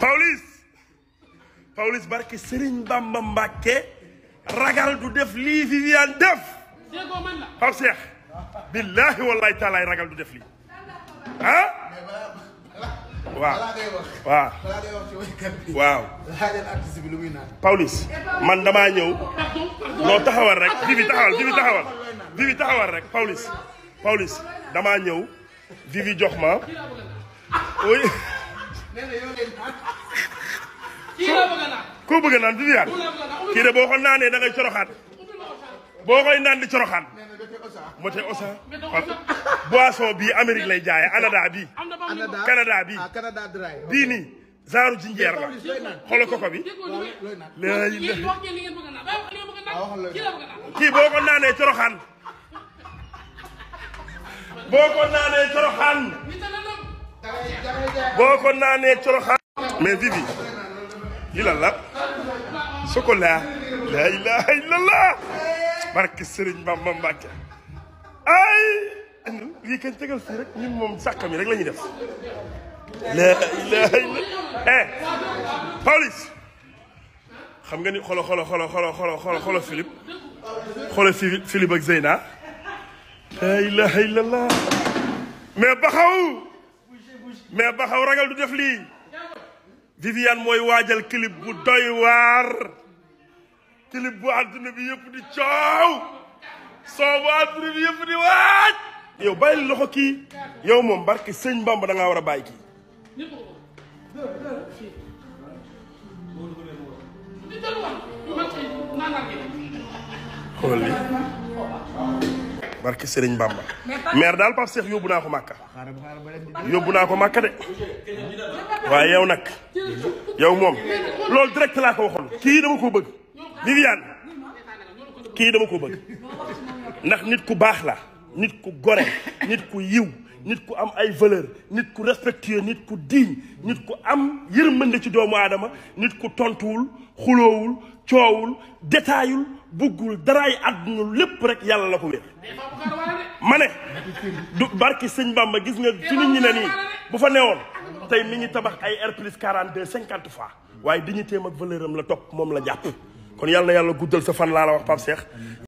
Pawlish Pawlish barke Serigne Bamba Mbàkke ragal du def lii Viviane def Pape Cheikh billaahi wallaahi taalaay ragal du def lii ah waaw waaw waaw Pawlish man damaa ñëw noo taxawal rek Vivi taxawal Vivi taxawal rek Pawlish Pawlish damaa ñëw Vivi jox ma koo bëgg naan Viviane kii de boo ko naanee da ngay boo koy naan di coroxaat moo te osa boisson bii Amérique lay jaayee Anada bii. Canada bii ah, bii nii genre jinjeer la xoolal koko bi. kii boo ko naanee coroxaan boo ko naanee coroxaan boo ko ila la sokola la ilaha illallah barke Sëriñ Bamba Mbàkke ay lii kañ tegal fii rek ñun moom sàkka mi rek la ñuy def la ilaha illallah eh Pawlish xam nga ni xolo xolo xolo xolo xolo xolo xolo Philippe xolo Philippe ak Zeyna la ilaha illallah mais baxaw mais baxaw ragal du def lii Viviane mooy waajal clip bu doy waar clip bu àdduna bi yëpp di coow soo bu àdduna bi di waaj yow bàyyi loxo kii yow moom barke sëñ Bamba da ngaa war a bàyyi kii barke Serigne Bamba mais daal Pape Cheikh yóbbu naa ko Màkka yóbbu naa ko Màkka de waaye yow nag yow moom loolu direct laa ko waxoon kii dama ko bëgg Viviane kii dama ko bëgg ndax nit ku baax la nit ku gore nit ku yiw nit ku am ay valeur nit ku respectueux nit ku digne nit ku am yërmande ci doomu aadama nit ku tontuwul xuloowul coowul détaayul buggul daraay àdduna lépp rek yàlla la ko wér ma ne du barki sëñ Bamba gis nga ci nit ñi ne nii bu fa newoon tey ni ngi tabax ay R plus de 50 fois waaye dignité am ak valeuram la topp moom la jàpp kon yàlla na yàlla guddal sa fan laa la wax Pape Cheikh